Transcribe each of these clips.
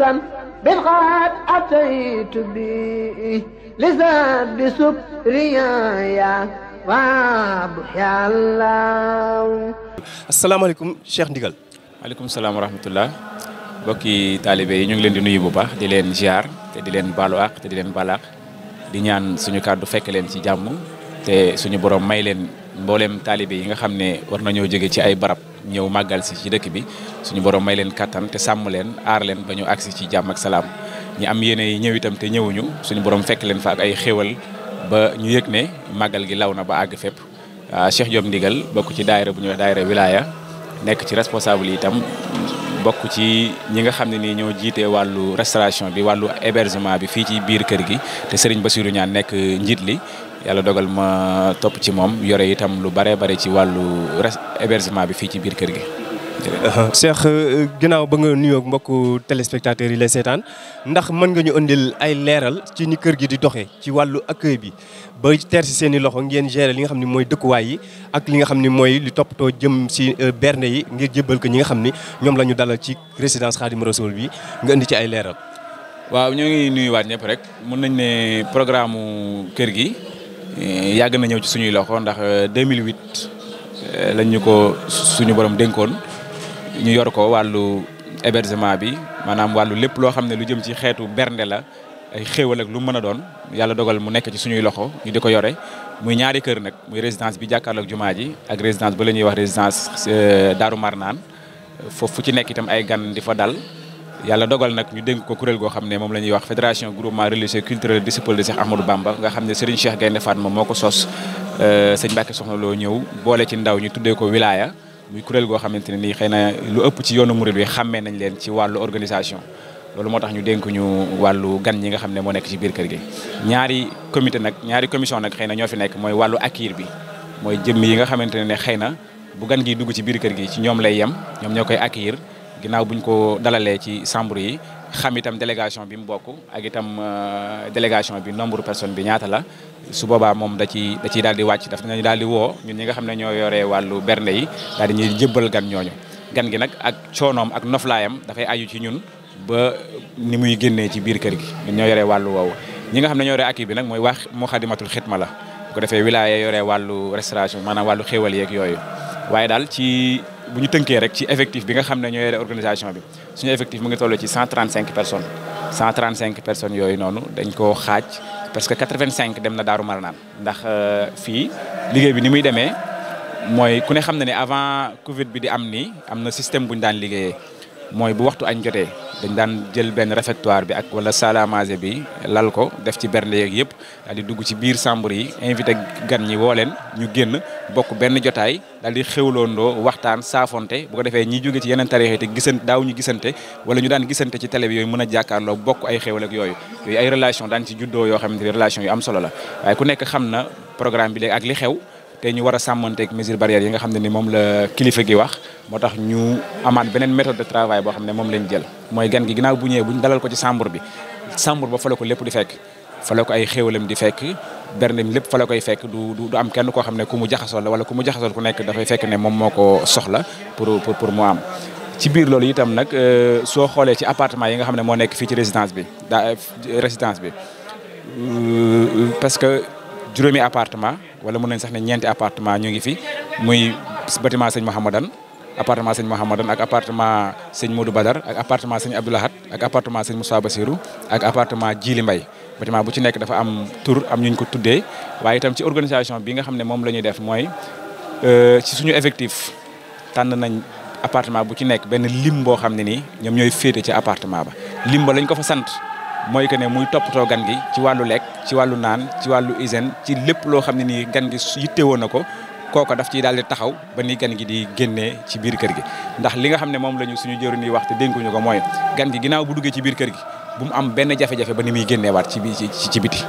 نفسا بالغاد أتيت به لزاد سكريايا وابح يا الله السلام عليكم شيخ ndigal maaleykum salaam wa rahmatullah mbokki taalibe yi ñu ngi leen di nuyu bu baax di leen ziar te di leen baalu te di leen balaax di ñaan suñu kàddu fekk leen ci jàmm te suñu borom may leen mboolem taalibe yi nga xam ne war nañoo jóge ci ay barab ñëw màggal si ci dëkk bi suñu borom may leen kattan te sàmm leen aar leen ba ñu agsi ci jàmm ak salaam ñi am yeneen yi ñëw itam te ñëwuñu suñu borom fekk leen fa ak ay xéwal ba ñu yëg ne màggal gi law na ba àgg fépp ah, Cheikh Diop Ndigal bokk ci daayira bu ñuy wax daayira nekk ci responsable yi itam bokk ci ñi nga xam ne nii ñoo jiitee wàllu restauration bi wàllu hébergement bi fii ci biir kër gi te Serigne Bassirou Niane nekk njiit li yàlla dogal ma topp ci moom yore itam lu bare bare ci wàllu hébergement bi fii ci biir kër gi. Euh, Cheikh euh, ginaaw ba nga nuyoo mbokku téléspectateurs yi lay seetaan ndax mën nga ñu indil ay leeral ci ni kër gi di doxe ci wàllu accueil bi ba ter si seen i loxo ngeen gérer li nga xam ne mooy dëkkuwaay yi ak li nga xam ni mooy li toppatoo jëm si euh, berne yi ngir jébbal ko ñi nga xam ni ñoom la ñu dalal ci résidence Khadim Rassoul bi nga indi ci ay leeral. waaw rek mën nañ ne programme kër gi. yàgg na ñëw ci suñuy loxo ndax 2008 euh, euh, lañ ñu ko suñu borom dénkoon ñu yor ko wàllu hébergement bi maanaam wàllu lépp loo xam ne lu jëm ci xeetu bernde la ay xéewal ak lu mën a doon yàlla dogal mu nekk ci suñuy loxo ñu di ko yore muy ñaari kër nag muy résidence bi jàkkaarloog jumaa ji ak résidence ba la ñuy wax résidence euh, Daaru Marnaan foofu fu ci nekk itam ay gan di fa dal yàlla dogal nag ñu dénk ko kuréel goo xam ne moom la ñuy wax fédération groupement religieux culturel disciple de Cheikh Ahmadou Bamba nga xam ne Serigne Cheikh Gaynde Fatma moo ko sos euh, sëñ Mbacke Soxna loo ñëw boole ci ndaw ñu tuddee ko wilaya muy kuréel goo xamante ne nii xëy na lu ëpp ci yoonu murid wi xàmmee nañ leen ci wàllu organisation loolu moo tax ñu dénk ñu wàllu gan ñi nga xam ne moo nekk ci biir kër gi ñaari comité nag ñaari commission nag xëy na ñoo fi nekk mooy wàllu accueil bi mooy jëmm yi nga xamante ne ne xëy na bu gan gi dugg ci biir kër gi ci ñoom lay yem ñoom ñoo koy accueillir ginnaaw buñ ko dalalee ci chambre yi xam itam délégation bi mu bokk ak itam euh, délégation bi nombre personne bi ñaata la su boobaa moom da ci da ciy daal di wàcc daf nañu daal di woo ñun ñi nga xam ne ñoo yore wàllu bernde yi daal di ñuy jëbbal gan ñooñu gan gi nag ak coonoom ak noflaayam dafay aju ci ñun ba ni muy génnee ci biir kër gi ñun ñoo yore wàllu woowu ñi nga xam ne ñoo yoree akki bi nag mooy wax mu xadimatul ma la bu ko defee wilaya yore wàllu restauration maanaam wàllu xéewal yeeg yooyu waaye daal ci bu ñu tënkee rek ci effectif bi nga xam ne ñoo yore organisation bi suñu effectif mu ngi toll ci 135 personnes 135 personnes yooyu noonu dañ koo xaaj parce que 85 dem na Daaru Marnaan ndax euh, fii liggéey bi ni muy demee mooy ku ne xam ne ni avant Covid bi di am nii am na système bu ñu daan liggéeyee mooy bu waxtu añ jotee dañ daan jël benn réfectoire bi ak wala salle bi lal ko def ci bernde yeeg yëpp daal di dugg ci biir chambre yi invité gan ñi woo leen ñu génn bokk benn jotaay daal di xewloondoo waxtaan saafonte bu ko defee ñi jóge ci yeneen tarixe te gisante daaw ñu gisante wala ñu daan gisante ci tele bi yooyu mën a jàkkaarloo bokk ay xewal ak yooyu yooyu ay relation daan ci juddoo yoo xamante ni relation yu am la waaye nekk xam na programme bi léegi ak li xew te ñu war a sàmmanteeg mesure barrière yi nga xam ne ni moom la kilifa gi wax moo tax ñu amaat beneen méthode de travail boo xam ne moom lañ jël mooy gan gi ginnaaw bu ñëwee bu ñu dalal ko ci chambre bi chambre ba la ko lépp di fekk fa la ko ay xéwalam di fekk berneem lépp fala koy fekk du du am kenn koo xam ne ku mu jaxasoo la wala ku mu jaxasool ku nekk dafay fekk ne moom moo ko soxla pour pour pour mu am. ci biir loolu itam nag euh, soo xoolee ci appartement yi nga xam ne moo nekk fii ci résidence bi daa résidence bi euh, parce que juróomi appartement wala mën nañ sax ne ñeenti appartement ñu ngi fi muy bâtiment sëñ Mouhamadan appartement sëñ Mouhamadan ak appartement sëñ Modou Badar ak appartement sëñ Abdoulahat ak appartement sëñ Moussa Bassirou ak appartement Djili Mbaye bâtiment bu ci nekk dafa am tur am ñu ko tuddee waaye itam ci organisation bi nga xam ne moom la ñuy def mooy euh, ci suñu effectif tànn nañ appartement bu ci nekk benn lim boo xam ne nii ñoom ñooy féete ci appartement ba lim ba lañ ko fa sant mooy que ne muy toppatoo gan gi ci wàllu lekk ci wàllu naan ci wàllu hygiène ci lépp loo xam ne nii gan gi yittewoo na ko kooka daf ciy daal di taxaw ba ni gan gi di génnee ci biir kër gi ndax li nga xam ne moom la ñu suñu jëriñ yi wax te dénkuñu ko mooy gan gi ginnaaw bu duggee ci biir kër gi bu mu am benn jafe-jafe ba ni muy génneewaat ci bi ci ci biti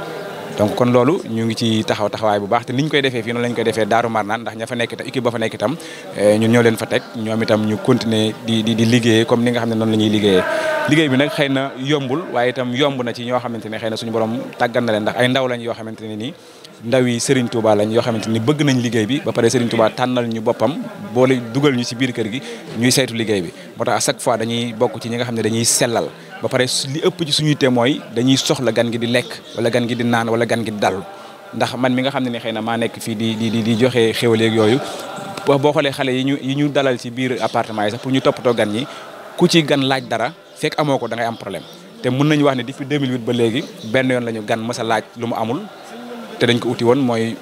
donc kon loolu ñu ngi ci taxaw taxawaay bu baax te niñ koy defee fii noonu lañ koy defee Daaru Marnaan ndax ña fa nekk te équipe ba fa nekk itam eh, ñun ñoo leen fa teg ñoom itam ñu continuer di di liggéeyee comme ni xam ne noonu la ñuy liggéeyee bi nag xëy na yombul waaye itam yomb na ci ñoo xamante ne xëy na suñu borom tàggan na leen ndax ay ndaw lañ yoo xamante ne nii ndaw yi Serigne Touba lañ yoo xamante ni bëgg nañ liggéey bi ba pare Serigne Touba tànnal ñu boppam boole dugal ñu ci biir kër gi ñuy saytu liggéey bi moo tax à fois dañuy bokk ci ñi nga xam ne dañuy sellal ba pare li ëpp ci suñuy te mooy dañuy soxla gan gi di lekk wala gan gi di naan wala gan gi di dallu ndax man mi nga xam ne ne xëy na maa nekk fii di di di joxe xéwaleeg yooyu boo xoolee xale yi ñu yi ñu dalal ci biir appartement yi sax pour ñu toppatoo gan ñi ku ci gan laaj dara fekk amoo ko da ngay am problème te mun nañu wax ne depuis 2008 ba léegi benn yoon lañu gan mës a laaj lu mu amul te dañ ko uti woon mooy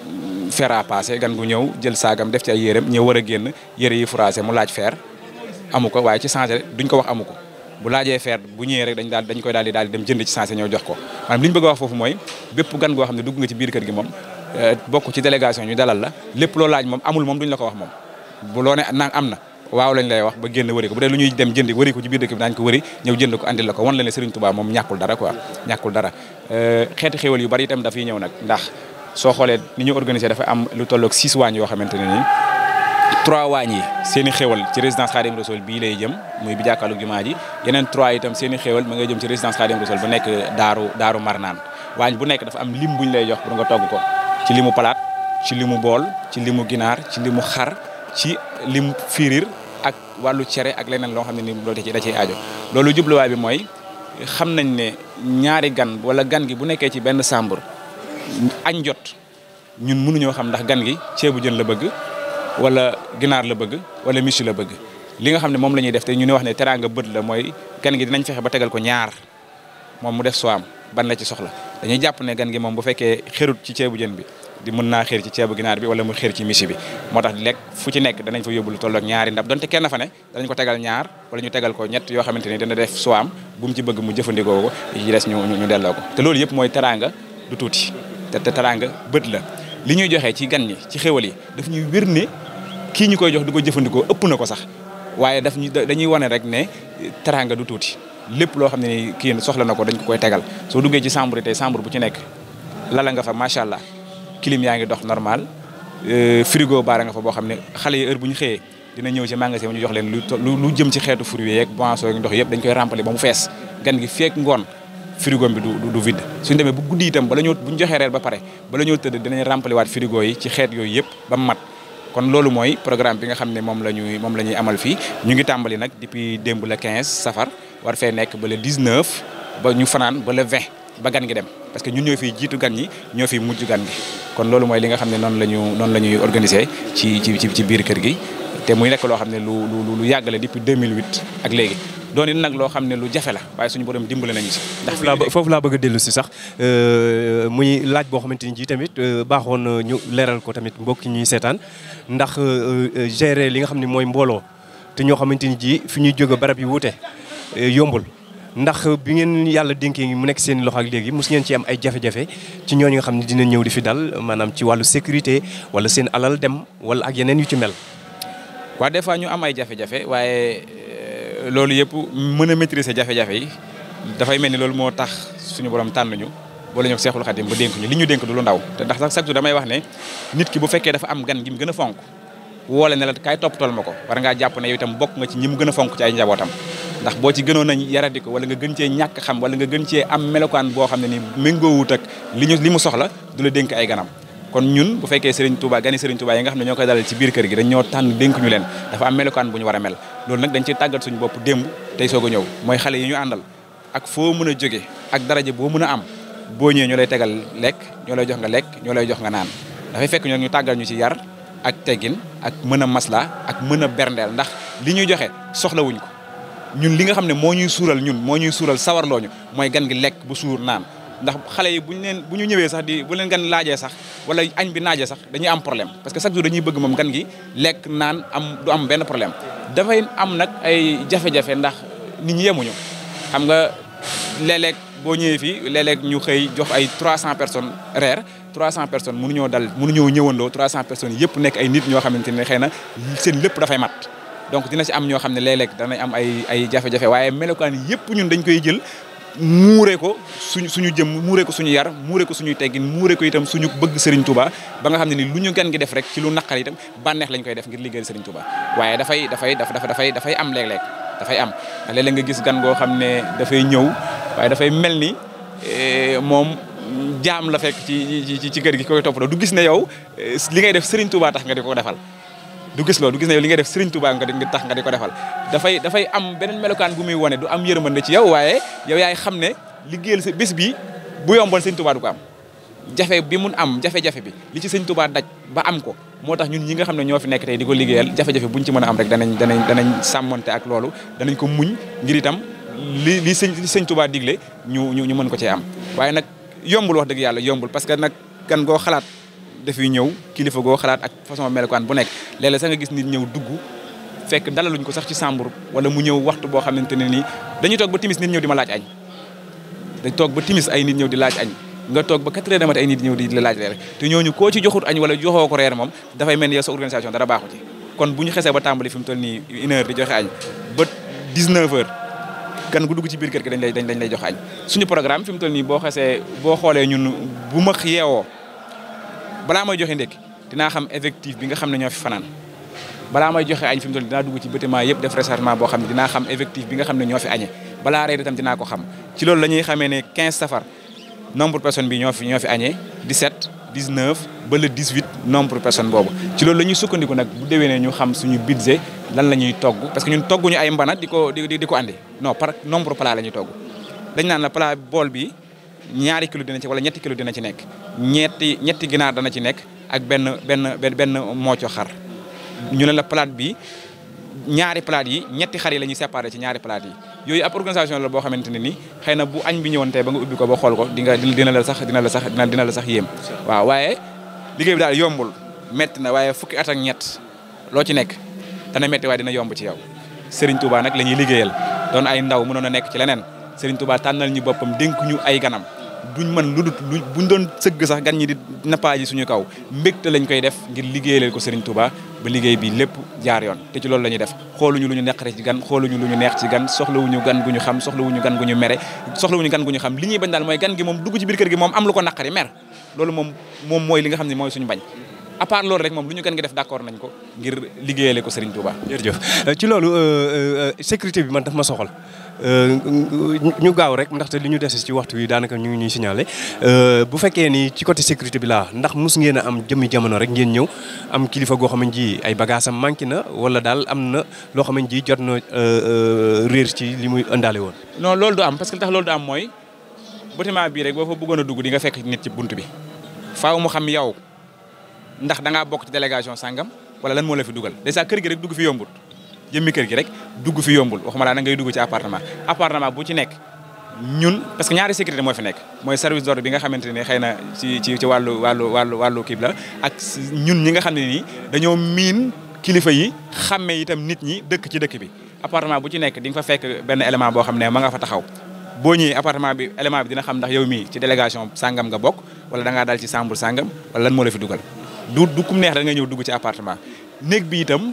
fer à passer gan gu ñëw jël saagam def ci ay yéreem ñëw war a génn yére yi froissé mu laaj fer amu ko waaye ci changé duñ ko wax amu ko bu laajee feer bu ñëwee rek dañ daal dañ koy daal di daal di dem jënd ci sensé ñëw jox ko maanaam li ñu bëgg a wax foofu mooy bépp gan goo xam ne dugg nga ci biir kër gi moom euh, bokk ci délégation ñu dalal la lépp loo laaj moom amul moom duñ la ko wax moom bu loo ne naan na waaw lañ lay wax ba génn wëri ko bu dee lu ñuy dem jëndi wëri ko ci biir dëkk bi daañu ko wëri ñëw jënd ko andil la ko wan la ne moom ñàkkul dara quoi ñàkkul dara euh, xeeti yu bari itam dafay ñëw nag ndax soo xoolee ni ñu organisé dafa am lu tolloog six waañ yoo xamante ne nii trois waañ yi seen i xéwal ci résidence Khadim Rassoul bii lay jëm muy bi jàkkaarloog jumaa ji yeneen trois itam seen i xéwal ma ngay jëm ci résidence Khadim Rassoul ba nekk daaru daaru marnaan waañ bu nekk dafa am lim buñ lay jox pour nga togg ko ci limu palaat ci limu bool ci limu ginaar ci limu xar ci limu firir ak wàllu cere ak leneen loo xam ne ni loolu ci da ciy aajo loolu jubluwaay bi mooy xam nañ ne ñaari gan wala gan gi bu nekkee ci benn chambre añ jot ñun mënuñoo xam ndax gan gi ceebu jën la bëgg wala ginaar la bëgg wala michu la bëgg li nga xam ne moom la ñuy def te ñu ne wax ne teraanga bët la mooy gan gi dinañ fexe ba tegal ko ñaar moom mu def soam ban la ci soxla dañuy jàpp ne gan gi moom bu fekkee xërut ci ceebu jën bi di mën naa xër ci ceebu ginaar bi wala mu xeer ci missi bi moo tax lekk fu ci nekk danañ fa yóbbu lu tollook ñaari ndab donte kenn fa ne danañ ko tegal ñaar wala ñu tegal ko ñett yoo xamante ni dana def soam bu mu ci bëgg mu jëfandikoo ko des ñu ñu delloo ko te loolu mooy teraanga du tuuti te teraanga bët la li ñuy joxe ci gan ñi ci xéwal yi daf ñuy wér ne kii ñu koy jox di ko jëfandikoo ëpp na ko sax waaye daf ñu dañuy wane rek ne teraanga du tuuti lépp loo xam ne ni kii soxla na ko dañ ko koy tegal soo duggee ci chambre tey chambre bu ci nekk lala nga fa macha allah kilim yaa ngi dox normal euh, frigo baara nga fa boo xam ne xale yi heure bu ñu xëyee dina ñëw ci magasin ñu jox leen lu lu jëm ci xeetu fruits yeeg boissons yeeg ndox yëpp dañ koy remplir ba mu fees gan gi feek ngoon frigo bi du du vide suñu demee bu guddi itam bala ñoo bu ñu joxee reer ba pare bala ñoo tëdd dinañ remplir waat frigo yi ci xeet yooyu yëpp ba mu mat kon loolu mooy programme bi nga xam ne moom la ñuy moom la ñuy amal fii ñu ngi tàmbali nag depuis démb le 15 safar war fee nekk ba le 19 ba ñu fanaan ba le 20 ba gan gi dem parce que ñu ñëw fiy jiitu gan ñi ñoo fi mujj gan gi kon loolu mooy li nga xam ne noon la ñu noonu la ñuy organiser ci ci ci biir kër gi te muy nekk loo xam ne lu lu lu yàgg la depuis 2008 ak léegi. doon nag loo xam ne lu jafe la waaye suñu borom dimbale nañu si. ndax foofu laa bëgg a dellu si sax euh, muy laaj boo xamante ni ji tamit euh, baaxoon ñu leeral ko tamit mbokk ñuy seetaan ndax euh, gérer li nga xam ne mooy mbooloo te ñoo xamante ni ji fu ñuy jóge barab yi wuute yombul. ndax bi ngeen yàlla dénkee mu nekk seen loxo ak léegi mos ngeen ci am ay jafe-jafe ci ñooñu nga xam ne dina ñëw di fi dal maanaam ci wàllu sécurité wala seen alal dem wala ak yeneen yu ci mel. waaw loolu yëpp mën a maîtriser jafe-jafe yi dafay mel ni loolu moo tax suñu borom tànn ñu boole ñu Seexul Xadim ba dénk ñu li ñu dénk du lu ndaw te ndax sax chaque jour damay wax ne nit ki bu fekkee dafa am gan gi mu gën a fonk woole ne la kaay toppatool ma ko war ngaa jàpp ne yow itam bokk nga ci ñi mu gën a fonk ci ay njabootam ndax boo ci gënoon a yaradi ko wala nga gën cee ñàkk xam wala nga gën cee am melokaan boo xam ne ni méngoowut ak li ñu li mu soxla du dénk ay ganam kon ñun bu fekkee Serigne Touba gani Serigne Touba yi nga xam ne ñoo koy dalal ci biir kër gi dañ ñoo tànn dénk ñu leen dafa am melokaan bu ñu war a mel loolu nag dañ ciy tàggat suñu bopp démb tey soog a ñëw mooy xale yi ñu àndal ak foo mën a jóge ak daraja boo mën a am boo ñëwee ñoo lay tegal lekk ñoo lay jox nga lekk ñoo lay jox nga naan dafay fekk ñu nag ñu tàggal ñu ci yar ak teggin ak mën a masla ak mën a berndeel ndax li ñu joxe soxlawuñ ko ñun li nga xam ne moo ñuy suural ñun moo ñuy suural sawarlooñu mooy gan gi lekk bu suur naan ndax xale yi bu ñu leen bu ñu ñëwee sax di bu leen gan laajee sax wala añ bi naajee sax dañu am problème parce que chaque jour dañu bëgg moom gan gi lekk naan am du benn problème dafay am nag ay jafe-jafe ndax nit ñi yemuñu xam nga léeg-léeg boo ñëwee fii léeg ñu xëy jox ay 300 personnes reer 300 personnes mënuñoo dal mënuñoo ñëwandoo 300 personnes yëpp nekk ay nit ñoo xamante ne xëy na seen lépp dafay mat donc dina si am ñoo xam ne léeg-léeg danañ am ay ay jafe-jafe waaye melokaan yëpp ñun dañ koy jël muure ko suñ suñu jëm muure ko suñu yar muure ko suñuy teggin muure ko itam suñu bëgg Serigne Touba ba nga xam ne ni lu ñu gan gi def rek ci lu naqar itam bànneex lañ koy def ngir liggéeyal Serigne Touba waaye dafay dafay dafa dafay dafay am léeg-léeg dafay am ndax léeg-léeg nga gis gan goo xam ne dafay ñëw waaye dafay mel ni eh, moom jaam la fekk ci ci ci kër gi koy toppatoo du gis ne yow eh, li ngay def Serigne Touba tax nga di ko defal du gis loolu du gis ne yow li ngay def Serigne Touba nga di tax nga di ko defal dafay dafay am beneen melokaan bu muy wane du am yërmande ci yow waaye yow yaay xam ne liggéeyal sa bés bi bu yomboon Serigne ko am jafe bi mun am jafe-jafe bi li ci Serigne Touba daj ba am ko moo tax ñun ñi nga xam ne ñoo fi nekk tey di ko liggéeyal jafe-jafe buñ ci mën a am rek danañ danañ danañ sàmmonte ak loolu danañ ko muñ ngir itam li li sëñ li sëñ Touba digle ñu ñu mën ko cee am waaye nag yombul wax dëgg yàlla yombul parce que nag gan goo xalaat dafay ñëw kilifa goo xalaat ak façon melokaan bu nekk léeg-léeg sax nga gis nit ñëw dugg fekk dalaluñ ko sax ci chambre wala mu ñëw waxtu boo xamante ne nii dañuy toog ba timis nit ñëw di ma laaj añ ba timis ay nit ñëw di laaj nga toog ba 4 heures ay nit ñëw di la laaj reer te ñooñu koo ci joxut añ wala joxoo ko reer moom dafay mel ni yow organisation dara baaxu ci kon bu ñu xesee ba tàmbali fi mu nii une heure di joxe añ ba 19 heures gan dugg ci biir kër gi dañ lay dañ lay joxe añ suñu programme fi mu toll boo xesee boo xoolee ñun bu ma balaa may joxe ndékki dinaa xam effectif bi nga xam ne ñoo fi fanaan balaa may joxe añ fi mu toll dinaa dugg ci bâtiment yëpp def rechargement boo xam ne dinaa xam effectif bi nga xam ne ñoo fi añe balaa reer itam dinaa ko xam ci loolu la ñuy xamee ne 15 safar nombre personne bi ñoo fi ñoo fi añee 17 19 ba le 18 nombre personne boobu ci loolu la ñuy sukkandiku nag bu déwénee ñu xam suñu budget lan la ñuy togg parce que ñun togguñu ay mbana di ko di di ko andi non par nombre plat la ñuy la plat bi ñaari kilo dina ci wala ñetti kilo dina ci nekk ñetti ñetti ginaar dana ci nekk ak benn benn benn benn mooco xar ñu ne la plate bi ñaari plate yi ñetti xar yi la ñuy ci ñaari palaat yi yooyu ab organisation la boo xamante ne ni xëy na bu añ bi ñëwoon tey ba nga ubbi ko ba xool ko di nga dina la sax dina la sax dina dina sax yéem waaw waaye liggéey bi daal yombul metti na waaye fukki at ak ñett loo ci nekk dana metti waaye dina yomb ci yow Serigne Touba nag lañuy ñuy liggéeyal doon ay ndaw mënoon a nekk ci leneen Serigne tànnal ñu boppam dénk ñu ay ganam duñ mën lu dut buñ doon sëgg sax gan ñi di nappaaji suñu kaw mbégte lañ koy def ngir liggéeyal ko Serigne Touba ba liggéey bi lépp jaar yoon te ci loolu la ñuy def xooluñu lu ñu neqare ci gan xooluñu lu neex ci gan soxlawuñu gan gu ñu xam soxlawuñu gan gu ñu mere soxlawuñu gan gu ñu xam li ñuy bañ daal mooy gan gi moom dugg ci kër gi moom am lu ko naqari mer loolu moom moom mooy li xam ne mooy suñu bañ à loolu rek moom lu ñu gan gi def d'accord nañ ko ngir liggéeyale ko Serigne Touba jërëjëf ci loolu euh, euh, euh, sécurité bi man daf ma soxal Euh, ñu gaaw rek ndaxte lu ñu dese ci waxtu wi daanaka ñu ngi ñuy signalé euh, bu fekkee ni ci côté sécurité bi laa ndax mus ngeen a am jëmmi jamono rek ngeen ñëw am kilifa goo xam ne ji ay bagages am manqué na wala daal am na loo xam ne ji jot na euh, réer ci li muy ëndaale woon. non loolu du am parce que tax loolu du am mooy bâtiment bii rek boo fa bëggoon a dugg di nga fekk nit ci bunt bi faaw mu xam yow ndax da ngaa bokk ci délégation sangam wala lan moo la fi dugal dèjà kër gi rek dugg fi yombut. jëmmi kër gi rek dugg fi yombul waxuma laa na ngay dugg ci appartement appartement bu ci nekk ñun parce que ñaari sécurité moo fi nekk mooy service d'ordre bi nga xamante ne xëy na ci ci ci wàllu wàllu wàllu wàllu kii la ak ñun ñi nga xam ne nii dañoo miin kilifa yi xàmmee itam nit ñi dëkk ci dëkk bi appartement bu ci nekk di fa fekk benn élément boo xam ne ma nga fa taxaw boo ñëwee appartement bi élément bi dina xam ndax yow mi ci délégation sangam nga bokk wala da dal ci chambre sangam wala lan moo la fi dugal du du kum neex da nga ñëw dugg ci appartement néeg bi itam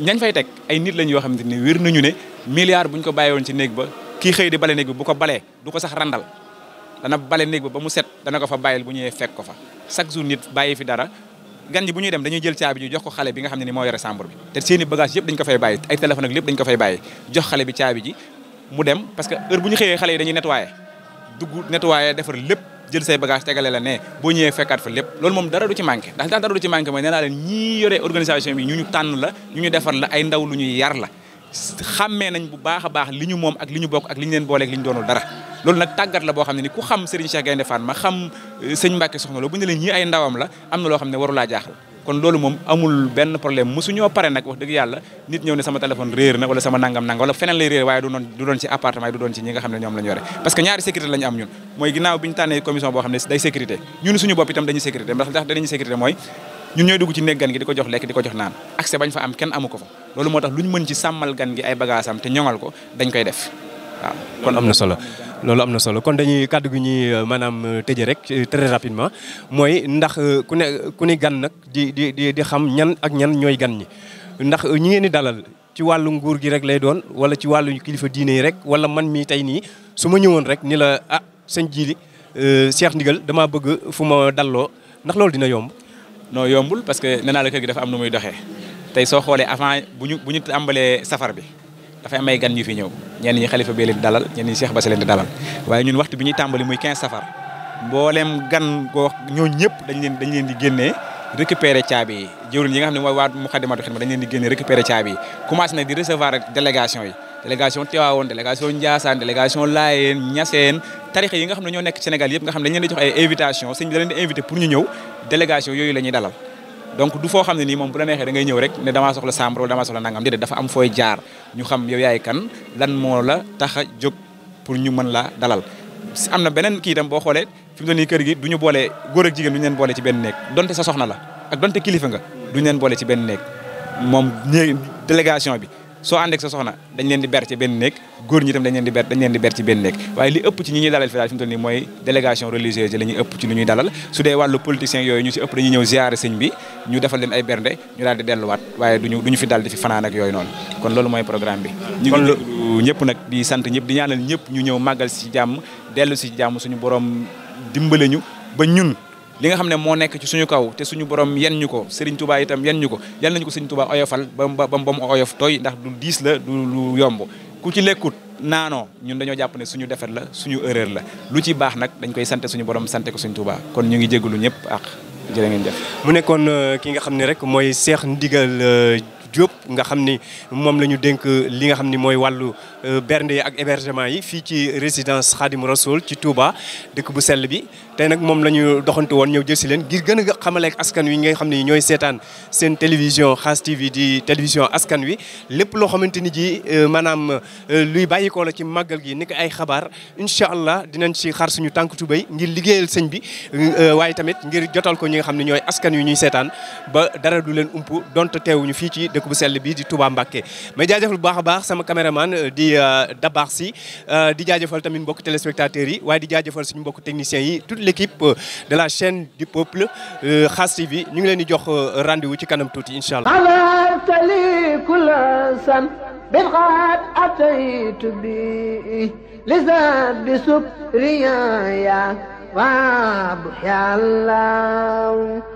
ñañ fay teg ay nit lañ yoo xamante ni wér nañu ne milliard buñ ko bàyyi woon ci néeg ba ki xëy di bale néeg bi bu ko balee du ko sax randal dana bale néeg ba ba mu set dana ko fa bàyyil bu ñëwee fekk ko fa chaque jour nit bàyyi fi dara gan ji bu ñuy dem dañuy jël caabi ji jox ko xale bi nga xam ne ni mooy yore chambre bi te seeni bagage yëpp dañ ko fay bàyyi ay téléphone ak lépp dañ ko xale bi caabi ji mu dem parce que heure bu ñu xëyee xale yi dañuy nettoyer dugg nettoyer defar lépp jël say bagage tegale la ne boo ñëwee fekkaat fa lépp loolu moom dara du ci manqué ndax dara du ci manqué mooy nee leen ñii yore organisation bi ñu ñu tànn la ñu ñu defar la ay ndaw lu ñu yar la xam xàmmee nañ bu baax a baax li ñu moom ak li ñu bokk ak li ñu leen booleeg li ñu doonul dara loolu nag tàggat la boo xam ne ni ku xam Serigne Cheikh Gaïndé Fatma xam euh, sëñ Mbacke Soxna Lo bu ñu leen ñii ay ndawam la am na loo xam ne waru laa jaaxal kon loolu moom amul benn problème mosuñoo pare nag wax dëgg yàlla nit ñëw ne sama téléphone réer na wala sama nangam nangam wala feneen lay réer waaye du doon ci appartement yi du doon ci ñi nga xam ne ñoom la ñu yore parce que ñaari sécurité la ñu am ñun mooy ginnaaw bi ñu commission boo xam ne day sécurité ñun suñu bopp itam dañuy sécurité mooy ñun ñooy dugg ci néeg gan gi di ko jox lekk di ko jox naan accès bañ fa am kenn amu ko fa loolu moo tax lu ñu loolu am na solo kon dañuy kàddu gi ñuy euh, maanaam euh, tëjee rek euh, très rapidement mooy ndax ku ne ku ne gan nag di di di xam ñan ak ñan ñooy gan ñi ndax ñi ngeen di dalal ci wàllu nguur gi rek lay doon wala ci wàllu kilifa diine yi rek wala man mii tey nii su ma ñëwoon rek ni la ah sëñ Jili Cheikh Ndigal damaa bëgg fu ma dalloo ndax loolu dina yomb. noo yombul parce que nee naa la kër gi dafa am na muy doxee tey soo xoolee avant bu ñu bu ñu tàmbalee safar bi. dafay may gan ñu fi ñëw ñenn ñi xalifa bee leen dalal ñenn ñi Cheikh Bass leen di dalal waaye ñun waxtu bi ñuy tàmbali muy 15 safar mboolem gan goo ñoo ñëpp dañ leen dañ leen di génnee récupérer caabi yi jëwriñ yi nga xam ne mooy waa Muxaddamatul Xidma dañ leen di génnee récupérer caabi yi commencé na di recevoir ak délégation yi délégation Tivaouane délégation Ndiassane délégation Laayeen Ñaseen tarixa yi nga xam ne ñoo nekk Sénégal yëpp nga xam ne dañ leen di jox invitation sëñ bi da leen di invité pour yooyu la ñuy dalal donc du foo xam ne nii moom bu la neexee da ngay ñëw rek ne damaa soxla chambre wala damaa soxla nangam déedéet dafa am fooy jaar ñu xam yow yaay kan lan moo la tax a jóg pour ñu mën la dalal am na beneen kii itam boo xoolee fi mu ne kër gi du ñu boole góor ak jigéen du ñu leen boole ci benn néeg donte sa soxna la ak donte kilifa nga du ñu leen boole ci benn néeg moom délégation bi soo àndeek sa soxna dañ leen di ber ci benn néeg góor ñi di ber dañ leen di ber ci benn waaye li ëpp ci ñi ñuy dalal fi daal fi mu toll nii mooy délégation religieuse yi la ñuy ëpp ci lu ñuy dalal su dee wàllu politiciens yooyu ñu si ëpp dañuy ñëw ziare sëñ bi ñu defal leen ay bernde ñu daal di delluwaat waaye duñu duñu fi daal di fi fanaan ak yooyu noonu kon loolu mooy programme bi ñu ñëpp nag di sant ñëpp di ñaanal ñëpp ñu ñëw màggal si jàmm dellu si jàmm suñu borom dimbale ñu ba ñun li nga xam ne moo nekk ci suñu kaw te suñu borom yen ñu ko Serigne Touba itam yen ñu ko yal nañu ko Serigne Touba oyofal ba ba ba mu oyof tooy ndax du diis la du lu yomb ku ci lekkut naanoo ñun dañoo jàpp ne suñu defet la suñu erreur la lu ci baax nag dañ koy sant suñu borom sant ko Serigne Touba kon ñu ngi jégalu ñëpp ak jërë ngeen jëf. mu nekkoon euh, ki nga xam ne rek mooy Cheikh Ndigal euh, Diop nga xam ni moom la ñu dénk li nga xam ni mooy wàllu. Euh, bernde yi ak hébergement yi fii ci résidence Khadim Rasoul ci Touba dëkk bu sell bi tey nag moom la ñu doxantu woon ñëw jël si leen ngir gën a xamale ak askan wi ngay xam ne ñooy seetaan seen télévision Khass TV di télévision askan wi lépp loo xamante ni ji euh, maanaam euh, luy bàyyikoo la ci màggal gi ni ay xabaar incha allah dinañ ci xar suñu tànk tubéy ngir liggéeyal sëñ bi waaye tamit ngir jotal ko ñi nga xam ne ñooy askan wi ñuy seetaan ba dara du leen ump donte teewuñu fii ci dëkk bu sell bi di Touba Mbacké ci dabar si di jaajëfal tamit mbokk téléspectateurs yi waaye di jaajëfal suñu mbokk techniciens yi toute l' euh, de la chaîne du peuple euh, Khass TV ñu ngi leen di jox euh, rendez-vous ci kanam tuuti incha allah. وابح الله